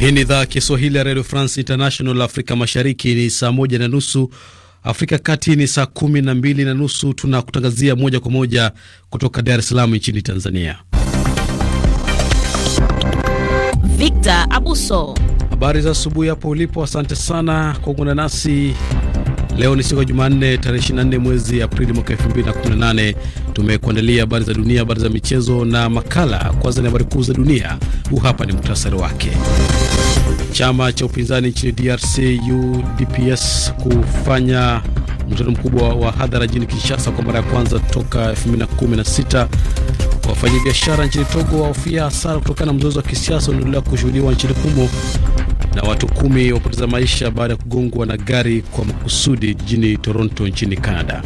Hii ni idhaa ya Kiswahili ya Radio France International. Afrika Mashariki ni saa moja na nusu, Afrika Kati ni saa kumi na mbili na nusu. Tunakutangazia moja kwa moja kutoka Dar es Salaam nchini Tanzania. Victor Abuso, habari za asubuhi hapo ulipo. Asante sana kwa kuungana nasi Leo ni siku ya Jumanne, tarehe 24 mwezi Aprili mwaka 2018. Tumekuandalia habari za dunia, habari za michezo na makala. Kwanza ni habari kuu za dunia, huu hapa ni muhtasari wake. Chama cha upinzani nchini DRC UDPS kufanya mkutano mkubwa wa hadhara jini Kinshasa kwa mara ya kwanza toka 2016. Wafanyabiashara nchini Togo wahofia hasara kutokana na mzozo wa kisiasa unaendelea kushuhudiwa nchini humo na watu kumi wapoteza maisha baada ya kugongwa na gari kwa makusudi jijini Toronto nchini Canada.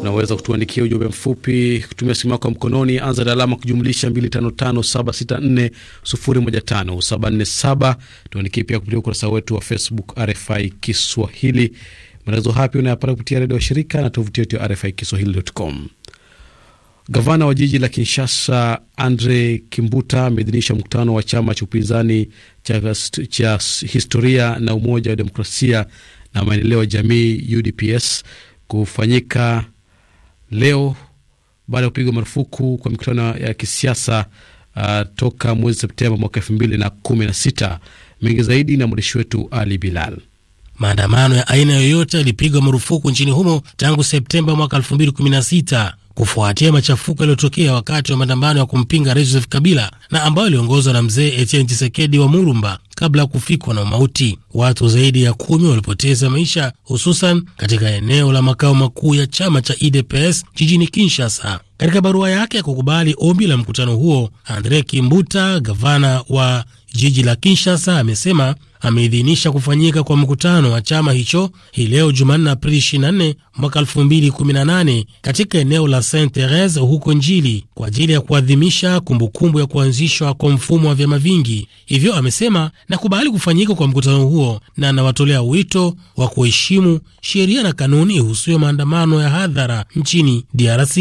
Unaweza kutuandikia ujumbe mfupi kutumia simu yako ya mkononi, anza na alama kujumlisha 255764015747. Tuandikie pia kupitia ukurasa wetu wa Facebook RFI Kiswahili. Maelezo hapi unayapata kupitia redio wa shirika na tovuti yetu ya RFI Kiswahili.com. Gavana wa jiji la Kinshasa Andre Kimbuta ameidhinisha mkutano wa chama cha upinzani cha historia na umoja wa demokrasia na maendeleo ya jamii UDPS kufanyika leo baada ya kupigwa marufuku kwa mikutano ya kisiasa uh, toka mwezi Septemba mwaka elfu mbili na kumi na sita. Mengi zaidi na mwandishi wetu Ali Bilal. Maandamano ya aina yoyote yalipigwa marufuku nchini humo tangu Septemba mwaka 2016 kufuatia machafuko yaliyotokea wakati wa maandamano ya kumpinga Rais Joseph Kabila na ambayo iliongozwa na mzee Etienne Tshisekedi wa Murumba kabla ya kufikwa na umauti. Watu zaidi ya kumi walipoteza maisha, hususan katika eneo la makao makuu ya chama cha UDPS jijini Kinshasa. Katika barua yake ya kukubali ombi la mkutano huo, Andre Kimbuta, gavana wa jiji la Kinshasa, amesema ameidhinisha kufanyika kwa mkutano wa chama hicho hii leo Jumanne, Aprili 24 mwaka 2018 katika eneo la Saint Therese huko Njili kwa ajili ya kuadhimisha kumbukumbu ya kuanzishwa kwa mfumo wa vyama vingi. Hivyo amesema nakubali kufanyika kwa mkutano huo na anawatolea wito wa kuheshimu sheria na kanuni ihusuyo maandamano ya hadhara nchini DRC.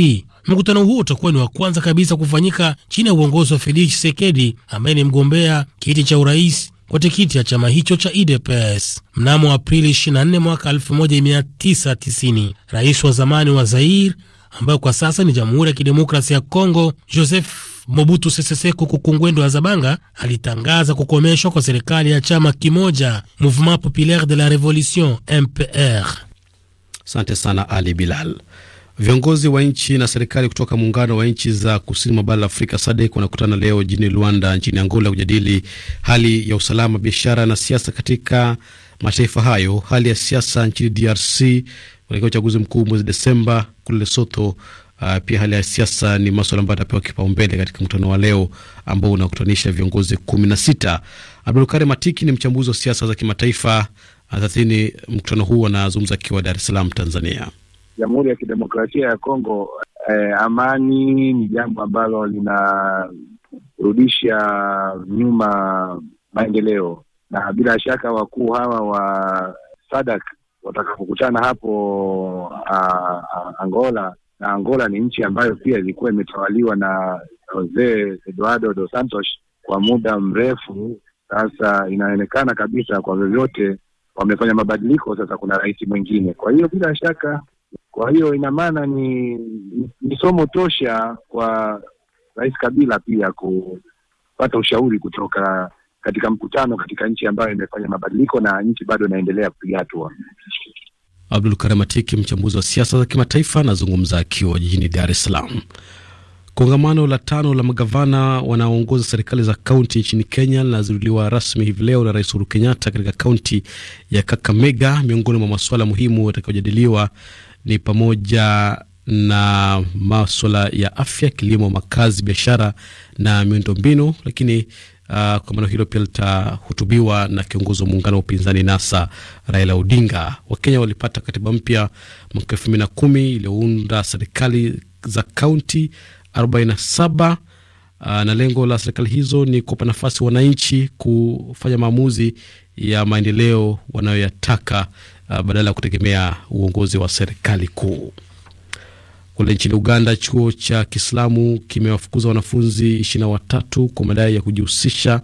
Mkutano huo utakuwa ni wa kwanza kabisa kufanyika chini ya uongozi wa Felix chisekedi ambaye ni mgombea kiti cha urais kwa tikiti ya chama hicho cha UDPS. Mnamo Aprili 24 mwaka 1990 rais wa zamani wa zair ambayo kwa sasa ni Jamhuri ya Kidemokrasia ya Kongo, Joseph Mobutu Sese Seko Kukungwendo wa Zabanga alitangaza kukomeshwa kwa serikali ya chama kimoja Mouvement Populaire de la Revolution, MPR. Asante sana Ali Bilal. Viongozi wa nchi na serikali kutoka muungano wa nchi za kusini mwa bara la Afrika SADC wanakutana leo jijini Luanda nchini Angola kujadili hali ya usalama, biashara na siasa katika mataifa hayo. Hali ya siasa nchini DRC kuelekea uchaguzi mkuu mwezi Desemba, kule Lesotho Uh, pia hali ya siasa ni maswala ambayo atapewa kipaumbele katika mkutano wa leo ambao unakutanisha viongozi kumi na sita. Abdulkari Matiki ni mchambuzi wa siasa za kimataifa. Mkutano huu anazungumza akiwa Dar es Salaam, Tanzania. Jamhuri ya Kidemokrasia ya Kongo eh, amani ni jambo ambalo linarudisha nyuma maendeleo, na bila shaka wakuu hawa wa Sadak watakapokutana hapo a, a, Angola na Angola ni nchi ambayo pia ilikuwa imetawaliwa na Jose Eduardo dos Santos kwa muda mrefu. Sasa inaonekana kabisa kwa vyovyote wamefanya mabadiliko, sasa kuna rais mwingine. Kwa hiyo bila shaka kwa hiyo ina maana ni, ni, somo tosha kwa Rais Kabila pia kupata ushauri kutoka katika mkutano katika nchi ambayo imefanya mabadiliko na nchi bado inaendelea kupiga hatua. Abdul Karim Atiki, mchambuzi wa siasa za kimataifa, anazungumza akiwa jijini Dar es Salaam. Kongamano la tano la magavana wanaoongoza serikali za kaunti nchini Kenya linazinduliwa rasmi hivi leo na Rais Uhuru Kenyatta katika kaunti ya Kakamega. Miongoni mwa masuala muhimu yatakayojadiliwa ni pamoja na maswala ya afya, kilimo, makazi, biashara na miundombinu. Lakini uh, kongamano hilo pia litahutubiwa na kiongozi wa muungano wa upinzani NASA Raila Odinga. Wakenya walipata katiba mpya mwaka elfu mbili na kumi iliyounda serikali za kaunti 47 uh, na lengo la serikali hizo ni kuwapa nafasi wananchi kufanya maamuzi ya maendeleo wanayoyataka uh, badala ya kutegemea uongozi wa serikali kuu. Kule nchini Uganda, chuo cha Kiislamu kimewafukuza wanafunzi ishirini na watatu kwa madai ya kujihusisha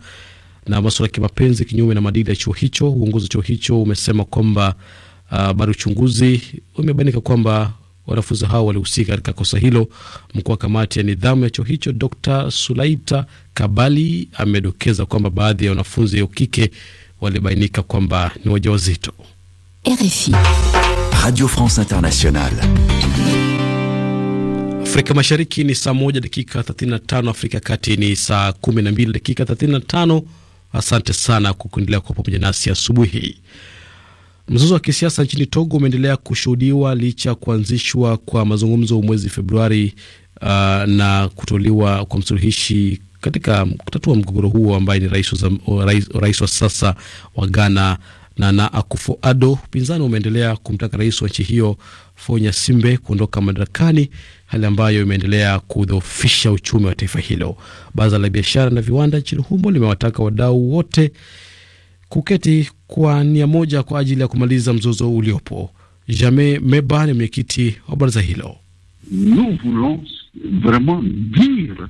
na masuala ya kimapenzi kinyume na maadili ya chuo hicho. Uongozi wa chuo hicho umesema kwamba uh, bado uchunguzi umebainika kwamba wanafunzi hao walihusika katika kosa hilo. Mkuu wa kamati ya nidhamu ya chuo hicho Dr Sulaita Kabali amedokeza kwamba baadhi ya wanafunzi wa kike walibainika kwamba ni wajawazito. RFI. Radio France Internationale. Afrika Mashariki ni saa moja dakika 35, Afrika Kati ni saa 12 dakika 35. Asante sana kwa kuendelea kwa pamoja nasi asubuhi. Mzozo wa kisiasa nchini Togo umeendelea kushuhudiwa licha ya kuanzishwa kwa mazungumzo mwezi Februari uh, na kutoliwa kwa msuluhishi katika kutatua mgogoro huo ambaye ni rais wa, uh, rais, rais wa sasa wa Ghana Nana Akufo-Addo. Upinzani umeendelea kumtaka rais wa nchi hiyo Fonya Simbe kuondoka madarakani, hali ambayo imeendelea kudhoofisha uchumi wa taifa hilo. Baraza la biashara na viwanda nchini humo limewataka wadau wote kuketi kwa nia moja kwa ajili ya kumaliza mzozo uliopo. Jame Meba ni mwenyekiti wa baraza hilo nous voulons vraiment dire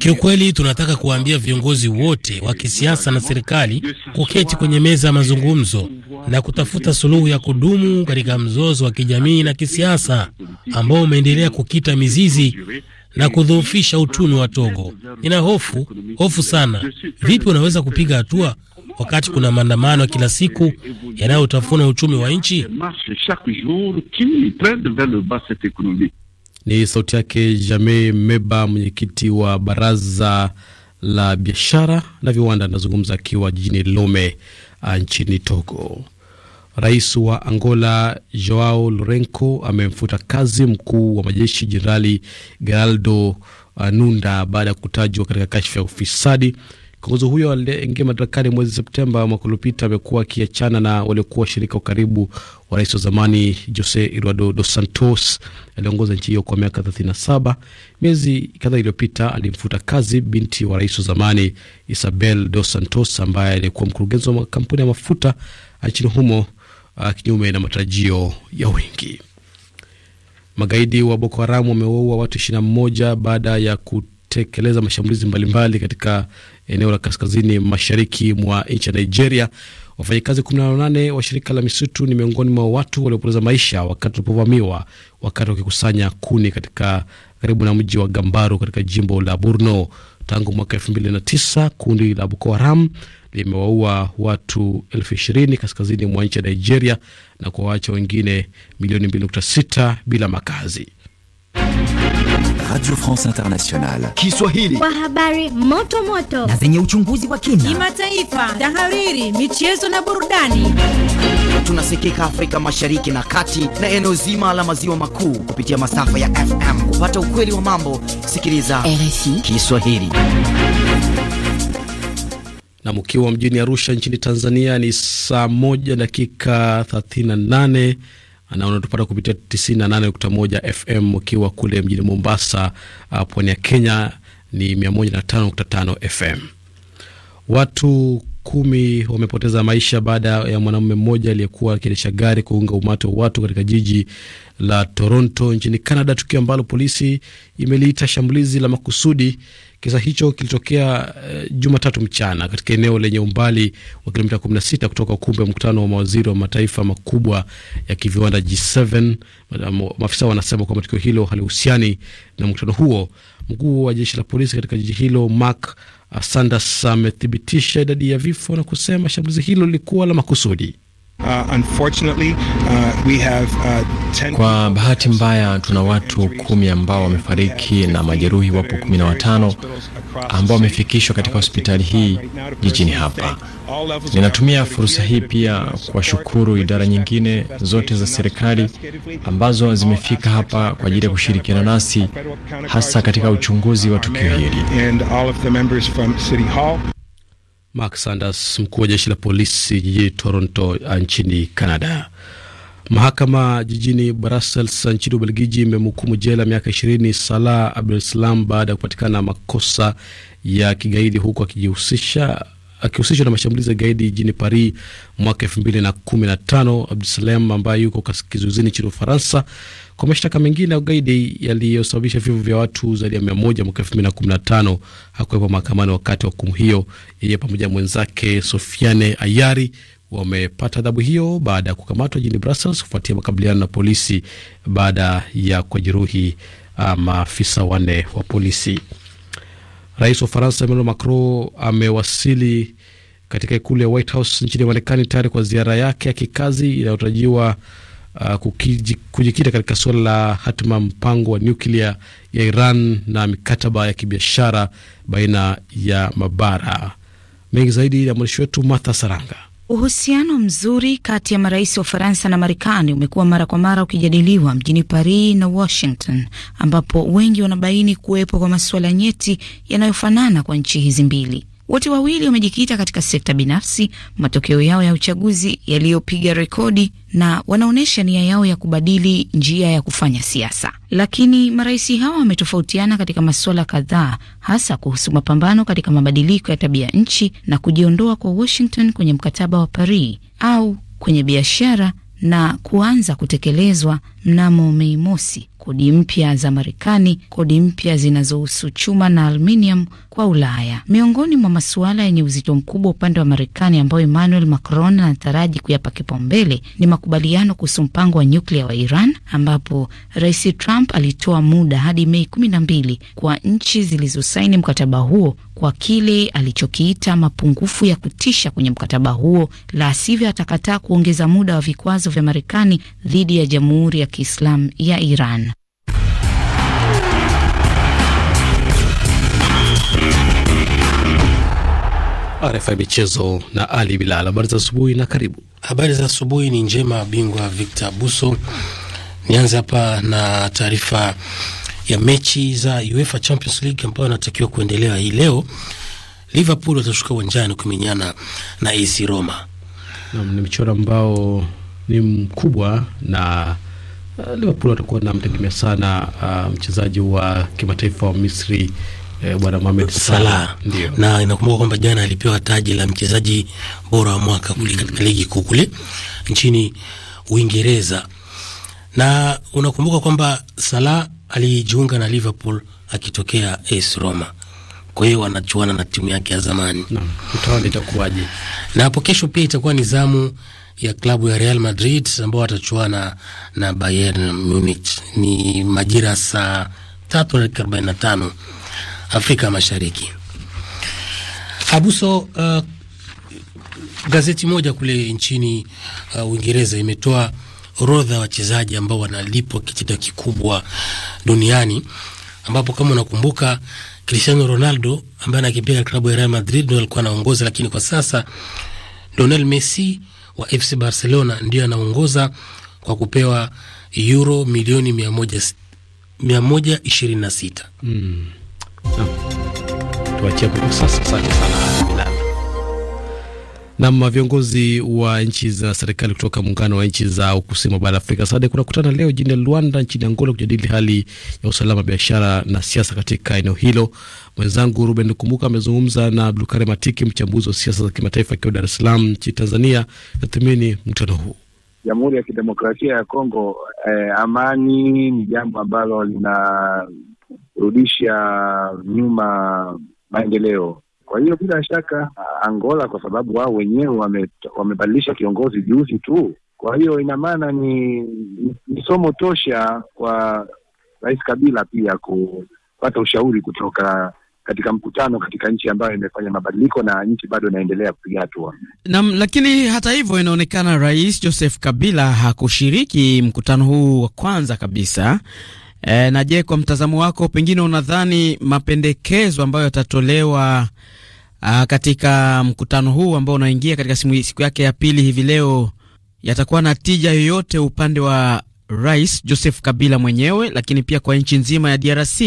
Kiukweli tunataka kuwaambia viongozi wote wa kisiasa na serikali kuketi kwenye meza ya mazungumzo na kutafuta suluhu ya kudumu katika mzozo wa kijamii na kisiasa ambao umeendelea kukita mizizi na kudhoofisha uchumi wa Togo. Nina hofu hofu sana, vipi unaweza kupiga hatua wakati kuna maandamano ya kila siku yanayotafuna uchumi wa nchi? Ni sauti yake Jame Meba, mwenyekiti wa baraza la biashara na viwanda, anazungumza akiwa jijini Lome ah, nchini Togo. Rais wa Angola Joao Lourenco amemfuta kazi mkuu wa majeshi Jenerali Geraldo ah, Nunda baada ya kutajwa katika kashfa ya ufisadi. Kiongozi huyo aliyeingia madarakani mwezi Septemba mwaka uliopita amekuwa akiachana na waliokuwa washirika wa karibu wa rais wa zamani Jose Eduardo Dos Santos aliongoza nchi hiyo kwa miaka 37. Miezi kadhaa iliyopita alimfuta kazi binti wa rais wa zamani Isabel Dos Santos ambaye alikuwa mkurugenzi wa kampuni ya mafuta nchini humo, uh, kinyume na matarajio ya wengi. Magaidi wa Boko Haramu wamewaua watu 21 baada ya kutekeleza mashambulizi mbalimbali mbali katika eneo la kaskazini mashariki mwa nchi ya Nigeria. Wafanyakazi 18 wa shirika la misitu ni miongoni mwa watu waliopoteza maisha wakati walipovamiwa wakati wakikusanya kuni katika karibu na mji wa Gambaru katika jimbo la Borno. Tangu mwaka 2009 kundi la Boko Haram limewaua watu elfu ishirini kaskazini mwa nchi ya Nigeria na kuwaacha wengine milioni 2.6 bila makazi. Radio France Internationale Kiswahili, kwa habari moto moto na zenye uchunguzi wa kina, kimataifa, tahariri, michezo na burudani. Tunasikika Afrika Mashariki na Kati na eneo zima la maziwa makuu kupitia masafa ya FM. Kupata ukweli wa mambo, sikiliza RFI Kiswahili. Na mkiwa mjini Arusha nchini Tanzania ni saa moja dakika 38 na unatupata kupitia 98.1 FM ukiwa kule mjini Mombasa, uh, pwani ya Kenya ni 105.5 FM. Watu kumi wamepoteza maisha baada ya mwanamume mmoja aliyekuwa akiendesha gari kuunga umati wa watu katika jiji la Toronto nchini Canada, tukio ambalo polisi imeliita shambulizi la makusudi Kisa hicho kilitokea uh, Jumatatu mchana katika eneo lenye umbali wa kilomita 16 kutoka ukumbi wa mkutano wa mawaziri wa mataifa makubwa ya kiviwanda G7. Maafisa wanasema kwamba tukio hilo halihusiani na mkutano huo. Mkuu wa jeshi la polisi katika jiji hilo Mark Sanders amethibitisha idadi ya vifo na kusema shambulizi hilo lilikuwa la makusudi. Uh, uh, uh, kwa bahati mbaya tuna watu kumi ambao wamefariki na majeruhi wapo kumi na watano ambao wamefikishwa katika hospitali hii jijini hapa. Ninatumia fursa hii pia kuwashukuru idara nyingine zote za serikali ambazo zimefika hapa kwa ajili ya kushirikiana nasi hasa katika uchunguzi wa tukio hili. Mark Sanders, mkuu wa jeshi la polisi jijini Toronto nchini Canada. Mahakama jijini Brussels nchini Ubelgiji imemhukumu jela miaka ishirini Salah Abdeslam baada ya kupatikana makosa ya kigaidi huku akijihusisha akihusishwa na mashambulizi ya gaidi jijini Paris mwaka tano. Abdusalam ambaye yuko kizuizini nchini Ufaransa kwa mashtaka mengine ya ugaidi yaliyosababisha vifo vya watu zaidi ya moja mwaka tano hakuwepo mahakamani wakati wa hukumu hiyo. Yeye pamoja na mwenzake Sofiane Ayari wamepata adhabu hiyo baada ya kukamatwa jijini Brussels kufuatia makabiliano na polisi baada ya kujeruhi ah, maafisa wanne wa polisi. Rais wa Faransa Emmanuel Macron amewasili katika ikulu ya White House nchini Marekani tayari kwa ziara yake ya kikazi inayotarajiwa uh, kujikita katika suala la hatima mpango wa nyuklia ya Iran na mikataba ya kibiashara baina ya mabara mengi zaidi ya mwandishi wetu Martha Saranga. Uhusiano mzuri kati ya marais wa Ufaransa na Marekani umekuwa mara kwa mara ukijadiliwa mjini Paris na Washington, ambapo wengi wanabaini kuwepo kwa masuala nyeti yanayofanana kwa nchi hizi mbili. Wote wawili wamejikita katika sekta binafsi, matokeo yao ya uchaguzi yaliyopiga rekodi na wanaonyesha nia yao ya kubadili njia ya kufanya siasa. Lakini marais hawa wametofautiana katika masuala kadhaa, hasa kuhusu mapambano katika mabadiliko ya tabia nchi na kujiondoa kwa Washington kwenye mkataba wa Paris au kwenye biashara na kuanza kutekelezwa mnamo Mei Mosi kodi mpya za Marekani, kodi mpya zinazohusu chuma na aluminium kwa Ulaya. Miongoni mwa masuala yenye uzito mkubwa upande wa Marekani ambayo Emmanuel Macron anataraji kuyapa kipaumbele ni makubaliano kuhusu mpango wa nyuklia wa Iran, ambapo Rais Trump alitoa muda hadi Mei kumi na mbili kwa nchi zilizosaini mkataba huo kwa kile alichokiita mapungufu ya kutisha kwenye mkataba huo, la sivyo atakataa kuongeza muda wa vikwazo vya Marekani dhidi ya Jamhuri ya Kiislamu ya Iran. RFI Michezo na Ali Bilal. Habari za asubuhi na karibu. Habari za asubuhi ni njema, bingwa Victor Buso. Nianze hapa na taarifa ya mechi za UEFA Champions League ambayo anatakiwa kuendelea hii leo. Liverpool watashuka uwanjani kumenyana na AC Roma. Naam, ni mchoro ambao ni mkubwa na Liverpool watakuwa namtegemea sana uh, mchezaji wa kimataifa wa Misri eh, bwana Mohamed Salah. Na inakumbuka kwamba jana alipewa taji la mchezaji bora wa mwaka kule katika ligi kuu kule nchini Uingereza. Na unakumbuka kwamba Salah alijiunga na Liverpool akitokea AS Roma. Kwa hiyo wanachuana na timu yake ya zamani. utaona itakuwaje. Na hapo kesho pia itakuwa ni zamu ya klabu ya Real Madrid ambao watachuana na Bayern Munich. Ni majira saa tatu dakika arobaini na tano Afrika Mashariki. Abuso, uh, gazeti moja kule nchini uh, Uingereza imetoa orodha ya wachezaji ambao wanalipwa kitita kikubwa duniani ambapo kama unakumbuka Cristiano Ronaldo ambaye anakipiga klabu ya Real Madrid ndo alikuwa anaongoza, lakini kwa sasa Lionel Messi wa FC Barcelona ndio anaongoza kwa kupewa euro milioni 126. Mm. Tuachie kwa sasa. Asante sana Bilal. Nam viongozi wa nchi za serikali kutoka muungano wa nchi za kusini mwa bara la Afrika SADC wanakutana leo jijini Luanda nchini Angola kujadili hali ya usalama, biashara na siasa katika eneo hilo. Mwenzangu Ruben Kumbuka amezungumza na Blukare Matiki, mchambuzi wa siasa za kimataifa akiwa Dar es Salaam nchini Tanzania. Tathmini mkutano huu. Jamhuri ya Kidemokrasia ya Kongo, eh, amani ni jambo ambalo linarudisha nyuma maendeleo kwa hiyo bila shaka uh, Angola, kwa sababu wao wenyewe wame, wamebadilisha kiongozi juzi tu, kwa hiyo ina maana ni, ni, ni somo tosha kwa Rais Kabila pia kupata ushauri kutoka katika mkutano katika nchi ambayo imefanya mabadiliko na nchi bado inaendelea kupiga hatua. Naam, lakini hata hivyo inaonekana Rais Joseph Kabila hakushiriki mkutano huu wa kwanza kabisa. E, na je, kwa mtazamo wako pengine unadhani mapendekezo ambayo yatatolewa Aa, ah, katika mkutano huu ambao unaingia katika siku yake ya pili hivi leo, yatakuwa na tija yoyote upande wa Rais Joseph Kabila mwenyewe, lakini pia kwa nchi nzima ya DRC?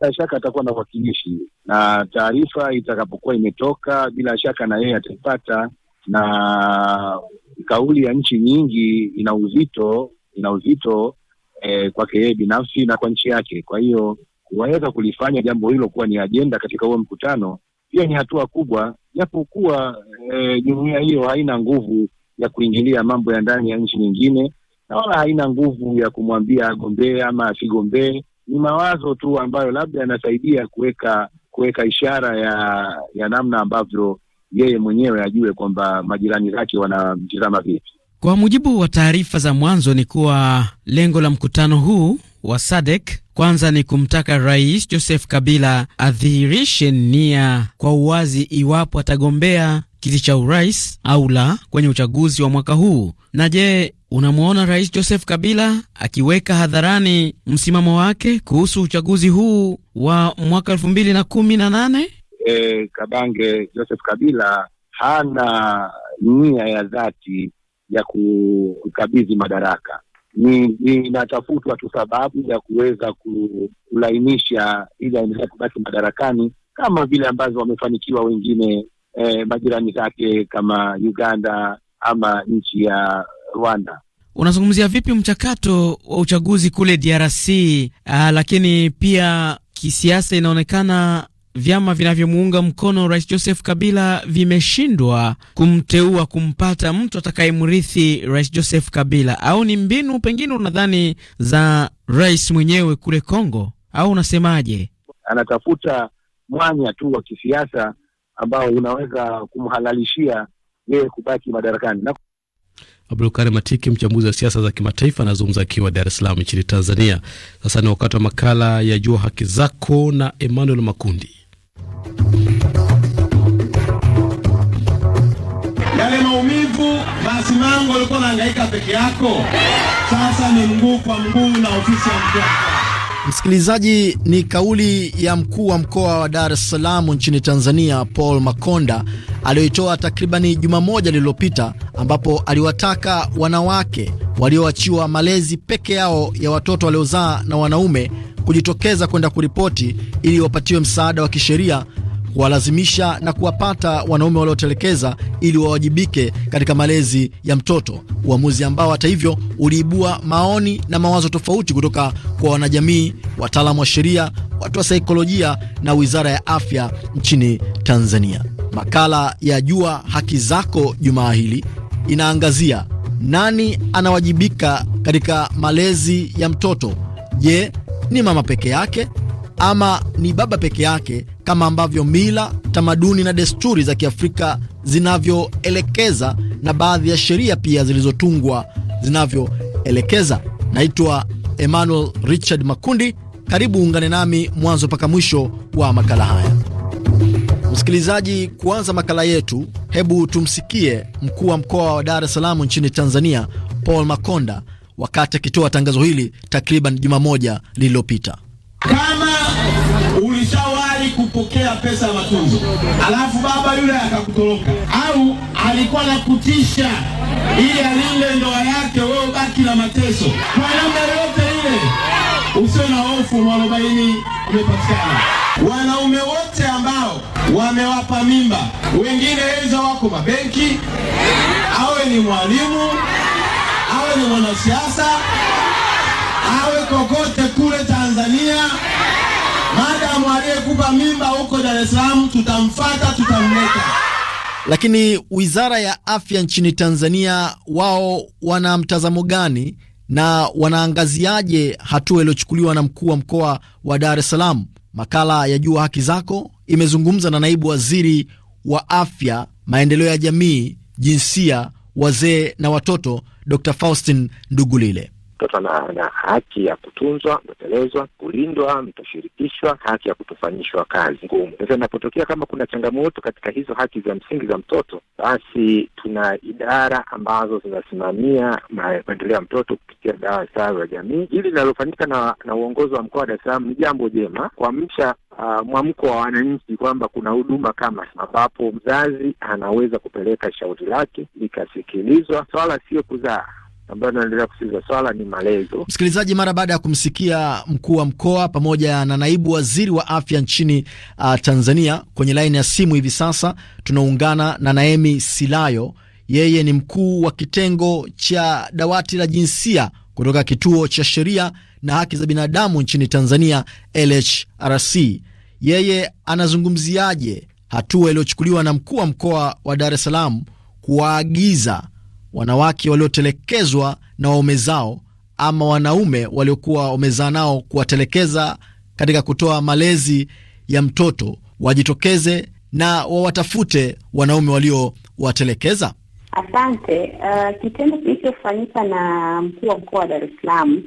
Bila shaka atakuwa na wakilishi, na taarifa itakapokuwa imetoka, bila shaka na yeye ataipata, na kauli ya nchi nyingi ina uzito, ina uzito eh, kwake yeye binafsi na kwa nchi yake. Kwa hiyo kuweza kulifanya jambo hilo kuwa ni ajenda katika huo mkutano pia ni hatua kubwa, japokuwa eh, jumuiya jumuia hiyo haina nguvu ya kuingilia mambo ya ndani ya nchi nyingine na wala haina nguvu ya kumwambia agombee ama asigombee. Ni mawazo tu ambayo labda yanasaidia kuweka kuweka ishara ya ya namna ambavyo yeye mwenyewe ajue kwamba majirani zake wanamtizama vipi. Kwa mujibu wa taarifa za mwanzo, ni kuwa lengo la mkutano huu wa SADC kwanza ni kumtaka Rais Joseph Kabila adhihirishe nia kwa uwazi iwapo atagombea kiti cha urais au la kwenye uchaguzi wa mwaka huu. Na je, unamwona Rais Joseph Kabila akiweka hadharani msimamo wake kuhusu uchaguzi huu wa mwaka elfu mbili na kumi na nane? E, Kabange, Joseph Kabila hana nia ya dhati ya kukabidhi madaraka ni inatafutwa tu sababu ya kuweza kulainisha ili aendelee kubaki madarakani kama vile ambavyo wamefanikiwa wengine eh, majirani zake kama Uganda ama nchi ya Rwanda. Unazungumzia vipi mchakato wa uchaguzi kule DRC? Aa, ah, lakini pia kisiasa inaonekana vyama vinavyomuunga mkono Rais Joseph Kabila vimeshindwa kumteua kumpata mtu atakayemrithi Rais Joseph Kabila, au ni mbinu pengine unadhani za rais mwenyewe kule Kongo, au unasemaje? Anatafuta mwanya tu wa kisiasa ambao unaweza kumhalalishia yeye kubaki madarakani. Abdulkari Matiki, mchambuzi wa siasa za kimataifa, anazungumza akiwa Dar es Salaam nchini Tanzania. Sasa ni wakati wa makala ya Jua Haki Zako na Emmanuel Makundi. Yale maumivu, basi mangu ulikuwa naangaika peke yako, sasa ni mguu kwa mguu na ofisi ya mkoa. Msikilizaji, ni kauli ya mkuu wa mkoa wa Dar es Salaam nchini Tanzania, Paul Makonda aliyoitoa takribani juma moja lililopita, ambapo aliwataka wanawake walioachiwa malezi peke yao ya watoto waliozaa na wanaume kujitokeza kwenda kuripoti ili wapatiwe msaada wa kisheria kuwalazimisha na kuwapata wanaume waliotelekeza ili wawajibike katika malezi ya mtoto, uamuzi ambao hata hivyo uliibua maoni na mawazo tofauti kutoka kwa wanajamii, wataalamu wa sheria, watu wa saikolojia na Wizara ya Afya nchini Tanzania. Makala ya Jua Haki Zako jumaa hili inaangazia nani anawajibika katika malezi ya mtoto. Je, ni mama peke yake ama ni baba peke yake, kama ambavyo mila, tamaduni na desturi za Kiafrika zinavyoelekeza na baadhi ya sheria pia zilizotungwa zinavyoelekeza. Naitwa Emmanuel Richard Makundi. Karibu ungane nami mwanzo mpaka mwisho wa makala haya. Msikilizaji, kuanza makala yetu, hebu tumsikie mkuu wa mkoa wa Dar es Salaam nchini Tanzania, Paul Makonda, wakati akitoa tangazo hili takriban juma moja lililopita kupokea pesa ya matunzo, alafu baba yule akakutoroka, au alikuwa na kutisha ili alinde ndoa yake, wewe baki na mateso. Kwa namna yote ile, usio na hofu, mwarobaini umepatikana. Wanaume wote ambao wamewapa mimba, wengine weza wako mabenki, awe ni mwalimu, awe ni mwanasiasa, awe kokote kule Tanzania Mwislamu aliyekupa mimba huko Dar es Salaam, tutamfata, tutamleta. Lakini wizara ya afya nchini Tanzania, wao wana mtazamo gani na wanaangaziaje hatua iliyochukuliwa na mkuu wa mkoa wa Dar es Salaam? Makala ya Jua Haki Zako imezungumza na naibu waziri wa afya, maendeleo ya jamii, jinsia, wazee na watoto, Dr Faustin Ndugulile. Mtoto ana, ana haki ya kutunzwa, kutelezwa, kulindwa, mtoshirikishwa, haki ya kutofanyishwa kazi ngumu. Sasa inapotokea kama kuna changamoto katika hizo haki za msingi za mtoto, basi tuna idara ambazo zinasimamia maendeleo ya mtoto kupitia dawa stawi wa jamii. Hili linalofanyika na, na uongozi wa mkoa wa Dar es Salaam ni jambo jema kuamsha uh, mwamko wa wananchi kwamba kuna huduma kama ambapo mzazi anaweza kupeleka shauri lake likasikilizwa. Swala sio kuzaa ambayo tunaendelea kusikiliza swala ni malezo. Msikilizaji, mara baada ya kumsikia mkuu wa mkoa pamoja na naibu waziri wa afya nchini uh, Tanzania, kwenye laini ya simu hivi sasa tunaungana na Naemi Silayo. Yeye ni mkuu wa kitengo cha dawati la jinsia kutoka kituo cha sheria na haki za binadamu nchini Tanzania, LHRC. Yeye anazungumziaje hatua iliyochukuliwa na mkuu wa mkoa wa Dar es Salaam kuwaagiza wanawake waliotelekezwa na waume zao ama wanaume waliokuwa wamezaa nao kuwatelekeza katika kutoa malezi ya mtoto wajitokeze na wawatafute wanaume waliowatelekeza? Asante. Uh, kitendo kilichofanyika na mkuu wa mkoa wa Dar es Salaam,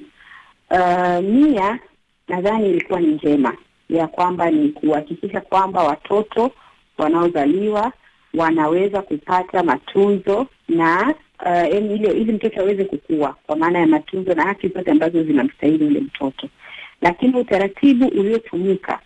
uh, nia nadhani ilikuwa ni njema ya kwamba ni kuhakikisha kwamba watoto wanaozaliwa wanaweza kupata matunzo na uh, ili, ili mtoto aweze kukua kwa maana ya matunzo na haki zote ambazo zinamstahili ule mtoto, lakini utaratibu uliotumika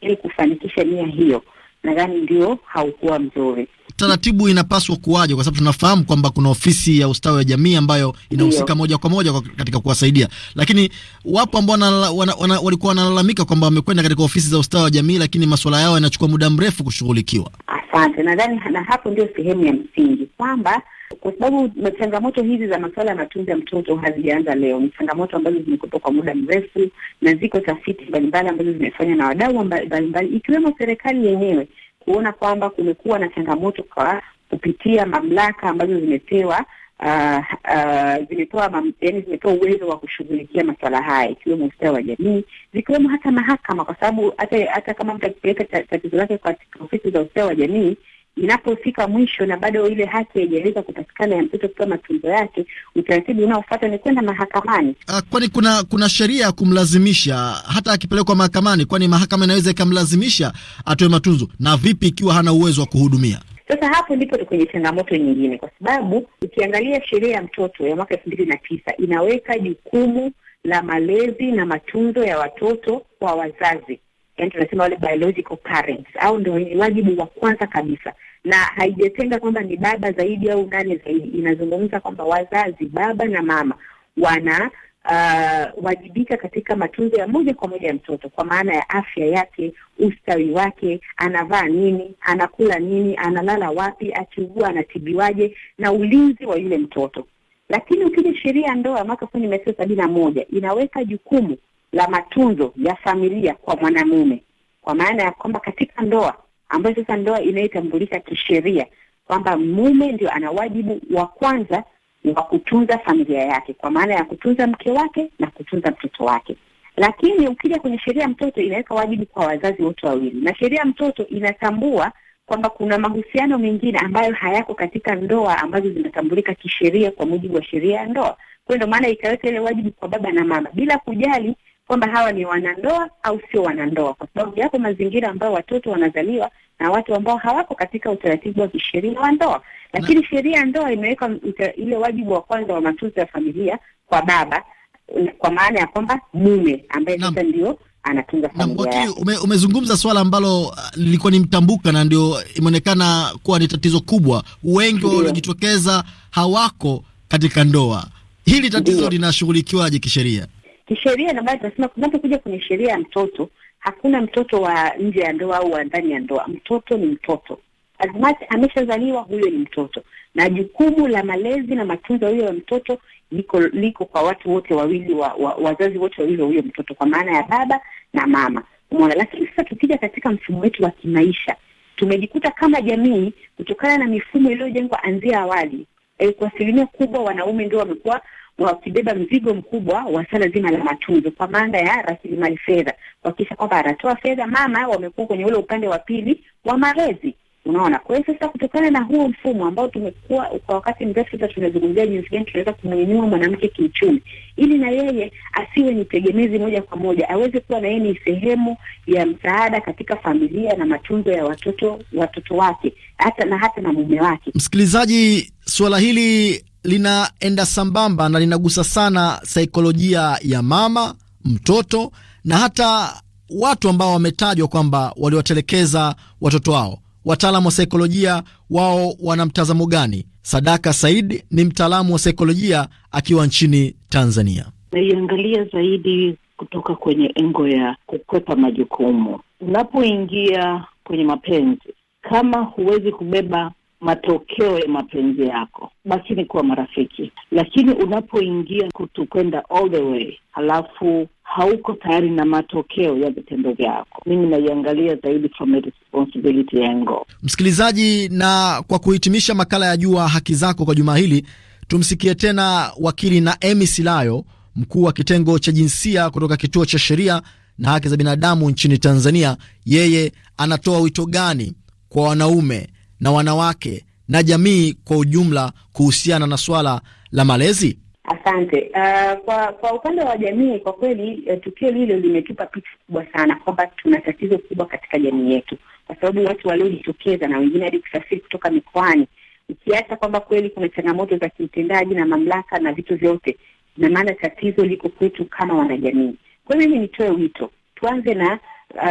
ili kufanikisha nia hiyo nadhani ndio haukuwa mzuri. Taratibu inapaswa kuwaje? Kwa sababu tunafahamu kwamba kuna ofisi ya ustawi wa jamii ambayo inahusika moja kwa moja katika kuwasaidia, lakini wapo ambao wana, wana, walikuwa wanalalamika kwamba wamekwenda katika ofisi za ustawi wa jamii, lakini masuala yao yanachukua muda mrefu kushughulikiwa. Ah, Asante, nadhani na hapo ndio sehemu ya msingi kwamba kwa sababu changamoto hizi za masuala ya matunzi ya mtoto hazijaanza leo, ni changamoto ambazo zimekuwepo kwa muda mrefu, na ziko tafiti mbalimbali ambazo zimefanywa na wadau mbalimbali, ikiwemo serikali yenyewe kuona kwamba kumekuwa na changamoto kwa kupitia mamlaka ambazo zimepewa uh, zimetoa yani zimetoa uwezo wa kushughulikia masuala haya ikiwemo ustawi wa jamii, zikiwemo hata mahakama, kwa sababu hata hata kama mtu akipeleka tatizo lake katika ofisi za ustawi wa jamii inapofika mwisho na bado ile haki haijaweza kupatikana ya mtoto kupewa matunzo yake, utaratibu unaofuata ni kwenda mahakamani. Ah, kwani kuna kuna sheria ya kumlazimisha hata akipelekwa mahakamani? Kwani mahakama inaweza ikamlazimisha atoe matunzo? Na vipi ikiwa hana uwezo wa kuhudumia? Sasa hapo ndipo kwenye changamoto nyingine, kwa sababu ukiangalia sheria ya mtoto ya mwaka elfu mbili na tisa inaweka jukumu la malezi na matunzo ya watoto kwa wazazi, yaani tunasema wale biological parents, au ndio wenye wajibu wa kwanza kabisa, na haijatenga kwamba ni baba zaidi au nani zaidi. Inazungumza kwamba wazazi, baba na mama, wana uh, wajibika katika matunzo ya moja kwa moja ya mtoto, kwa maana ya afya yake, ustawi wake, anavaa nini, anakula nini, analala wapi, akiugua anatibiwaje, na ulinzi wa yule mtoto. Lakini ukija sheria ya ndoa ya mwaka elfu moja mia tisa sabini na moja inaweka jukumu la matunzo ya familia kwa mwanamume, kwa maana ya kwamba katika ndoa ambayo sasa ndoa inayotambulika kisheria kwamba mume ndio ana wajibu wa kwanza wa kutunza familia yake, kwa maana ya kutunza mke wake na kutunza mtoto wake. Lakini ukija kwenye sheria ya mtoto inaweka wajibu kwa wazazi wote wawili, na sheria ya mtoto inatambua kwamba kuna mahusiano mengine ambayo hayako katika ndoa ambazo zinatambulika kisheria kwa mujibu wa sheria ya ndoa. Kwa hiyo ndio maana ikaweka ile wajibu kwa baba na mama bila kujali kwamba hawa ni wanandoa au sio wanandoa, kwa sababu yapo mazingira ambayo watoto wanazaliwa na watu ambao hawako katika utaratibu wa kisheria wa ndoa, lakini sheria ya ndoa imeweka ile wajibu wa kwanza wa matunzo ya familia kwa baba, kwa maana ya kwamba mume ambaye sasa ndio anatunza familia yake. Ume, umezungumza swala ambalo uh, lilikuwa uh, ni mtambuka na ndio imeonekana kuwa ni tatizo kubwa. Wengi waliojitokeza hawako katika ndoa. Hili tatizo linashughulikiwaje kisheria? Sheria na baadhi kunapokuja kwenye sheria ya mtoto, hakuna mtoto wa nje ya ndoa au wa ndani ya ndoa. Mtoto ni mtoto, azimati ameshazaliwa, huyo ni mtoto, na jukumu la malezi na matunzo huyo ya mtoto liko liko kwa watu wote wawili wa, wa, wazazi wote wawili wa huyo mtoto, kwa maana ya baba na mama, umeona. Lakini sasa tukija katika mfumo wetu wa kimaisha, tumejikuta kama jamii, kutokana na mifumo iliyojengwa anzia awali, eh, kwa asilimia kubwa wanaume ndio wamekuwa wakibeba mzigo mkubwa wa swala zima la matunzo kwa maana ya rasilimali fedha, kuhakikisha kwamba anatoa fedha mama, wamekuwa kwenye ule upande wa pili wa malezi. Unaona, kwa hiyo sasa, kutokana na huo mfumo ambao tumekuwa kwa wakati mrefu sasa, tunazungumzia jinsi gani tunaweza kumuinua mwanamke kiuchumi, ili na yeye asiwe ni tegemezi moja kwa moja, aweze kuwa na yeye ni sehemu ya msaada katika familia na matunzo ya watoto watoto wake hata na hata na mume wake. Msikilizaji, suala hili linaenda sambamba na linagusa sana saikolojia ya mama, mtoto na hata watu ambao wametajwa kwamba waliwatelekeza watoto wao. Wataalamu wa saikolojia wao wana mtazamo gani? Sadaka Said ni mtaalamu wa saikolojia akiwa nchini Tanzania. Naiangalia zaidi kutoka kwenye engo ya kukwepa majukumu. Unapoingia kwenye mapenzi, kama huwezi kubeba matokeo ya mapenzi yako, basi ni kuwa marafiki. Lakini unapoingia kutukwenda all the way, halafu hauko tayari na matokeo ya vitendo vyako, mimi naiangalia zaidi from a responsibility angle. Msikilizaji, na kwa kuhitimisha makala ya Jua Haki Zako kwa juma hili, tumsikie tena wakili na emi Silayo, mkuu wa kitengo cha jinsia kutoka kituo cha sheria na haki za binadamu nchini Tanzania. Yeye anatoa wito gani kwa wanaume na wanawake na jamii kwa ujumla kuhusiana na swala la malezi? Asante. Uh, kwa kwa upande wa jamii kwa kweli, uh, tukio lile limetupa picha kubwa sana kwamba tuna tatizo kubwa katika jamii yetu, kwa sababu watu waliojitokeza na wengine hadi kusafiri kutoka mikoani, ukiacha kwamba kweli kuna changamoto za kiutendaji na mamlaka na vitu vyote, na maana tatizo liko kwetu kama wanajamii. Kwa hiyo mimi nitoe wito, tuanze na uh,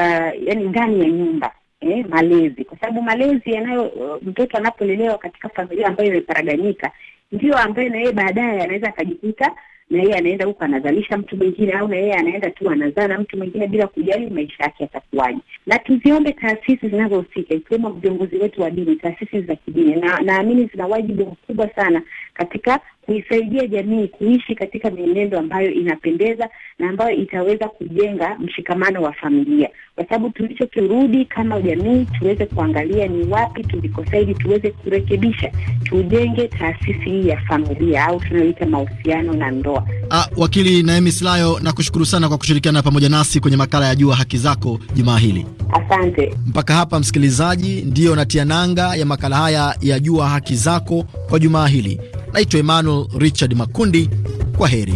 yani ndani ya nyumba eh, malezi, kwa sababu malezi yanayo uh, mtoto anapolelewa katika familia ambayo imeparaganyika ndio ambayo na yeye baadaye anaweza akajikuta na yeye anaenda huko anazalisha mtu mwingine, au na yeye anaenda tu anazaa na mtu mwingine bila kujali maisha yake atakuwaji Na tuziombe taasisi zinazohusika ikiwemo viongozi wetu wa dini, taasisi za kidini, na naamini zina wajibu mkubwa sana katika kuisaidia jamii kuishi katika mienendo ambayo inapendeza na ambayo itaweza kujenga mshikamano wa familia, kwa sababu tulichokirudi kama jamii tuweze kuangalia ni wapi tulikosea, ili tuweze kurekebisha, tujenge taasisi hii ya familia au tunayoita mahusiano na ndoa. Ah, wakili Naemi Silayo, nakushukuru sana kwa kushirikiana pamoja nasi kwenye makala ya Jua Haki Zako jumaa hili. Asante. Mpaka hapa msikilizaji, ndiyo natia nanga ya makala haya ya Jua Haki Zako kwa jumaa hili. Naitwa Emmanuel Richard Makundi, kwa heri.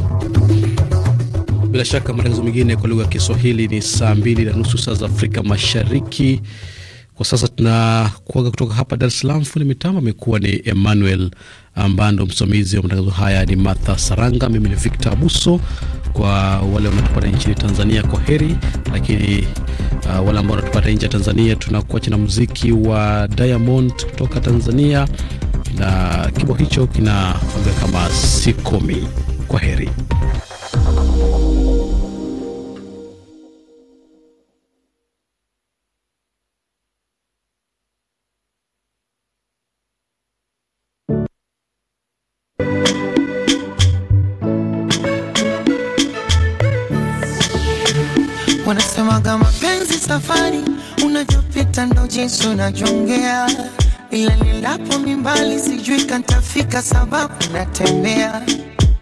Bila shaka matangazo mengine kwa lugha ya Kiswahili ni saa mbili na nusu saa za Afrika Mashariki. Kwa sasa tunakuaga kutoka hapa Dar es Salaam. Fundi mitambo amekuwa ni Emmanuel Mbando, msimamizi wa matangazo haya ni Martha Saranga, mimi ni Victor Abuso. Kwa wale wanaotupata nchini Tanzania kwa heri, lakini uh, wale ambao wanatupata nje ya Tanzania tunakuacha na muziki wa Diamond kutoka Tanzania na kibao hicho kinaanza kama si kumi Kwa heri. Wanasemaga mapenzi safari, unavyopita ndo jinsi unajongea ila nilapo ni mbali, sijui kantafika, sababu natembea.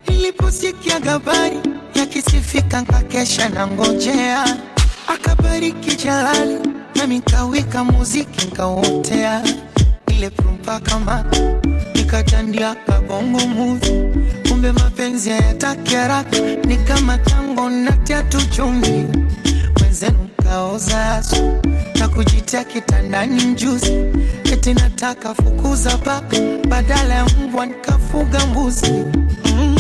Niliposikia gabari yakisifika, nkakesha na ngojea, akabariki Jalali nami nkawika muziki nkauotea, ile prumpa kama nikatandia kabongo muvi, kumbe mapenzi hayataki haraka, ni kama tango natia tu chumvi kaoza na kujitia kitandani mjuzi, eti nataka fukuza paka badala ya mbwa nikafuga mbuzi. Mm.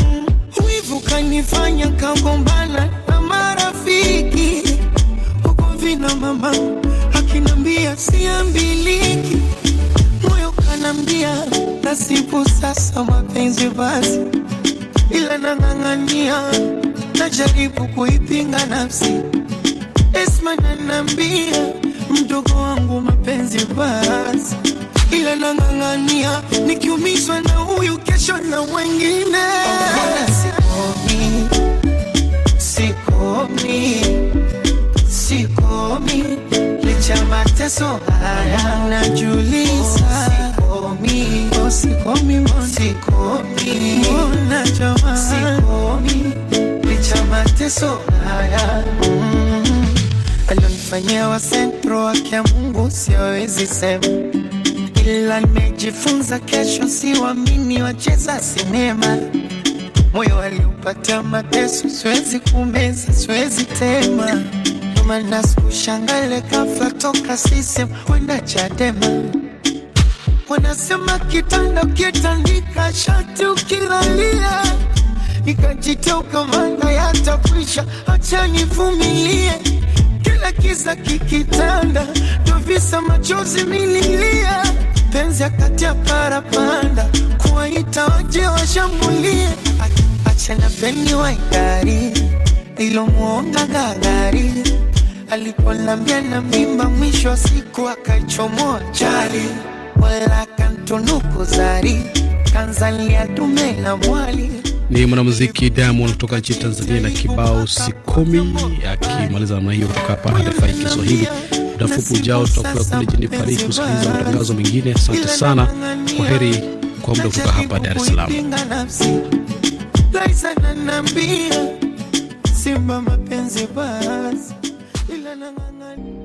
kanifanya kagombana na marafiki huko vina mama akinambia siambiliki, moyo kanambia nasibu sasa mapenzi basi, ila nang'ang'ania najaribu kuipinga nafsi Fatma nanambia mdogo wangu mapenzi basi, ila nang'ang'ania nikiumizwa na huyu kesho na wengine sikomi, licha mateso haya najuliza alionifanyia wa sentro wake Mungu siwezi sema, ila nimejifunza kesho siwamini wacheza sinema. Moyo aliupatia mateso, siwezi kumeza, siwezi tema. Maana sikushangale kafla toka sisem kwenda Chadema. Wanasema kitanda kitandika shati ukilalia, nikajiteuka manda yatakwisha, acha nivumilie kila kiza kikitanda, tuvisa visa machozi mililia, penzi akati ya parapanda, kuwaita waje washambulie, achana peni waikari ilomwonga gagari alipolambia na mimba, mwisho wa siku akachomoa chali, wala kantunuku zari kanzalia dume la mwali ni mwanamuziki Diamond kutoka nchini Tanzania na kibao sikumi akimaliza namna hiyo kutoka hapa RFI Kiswahili. Muda mfupi ujao tutakuwa kule jijini Paris kusikiliza matangazo mengine. Asante sana, kwa heri kwa muda kutoka hapa Dar es Salaam.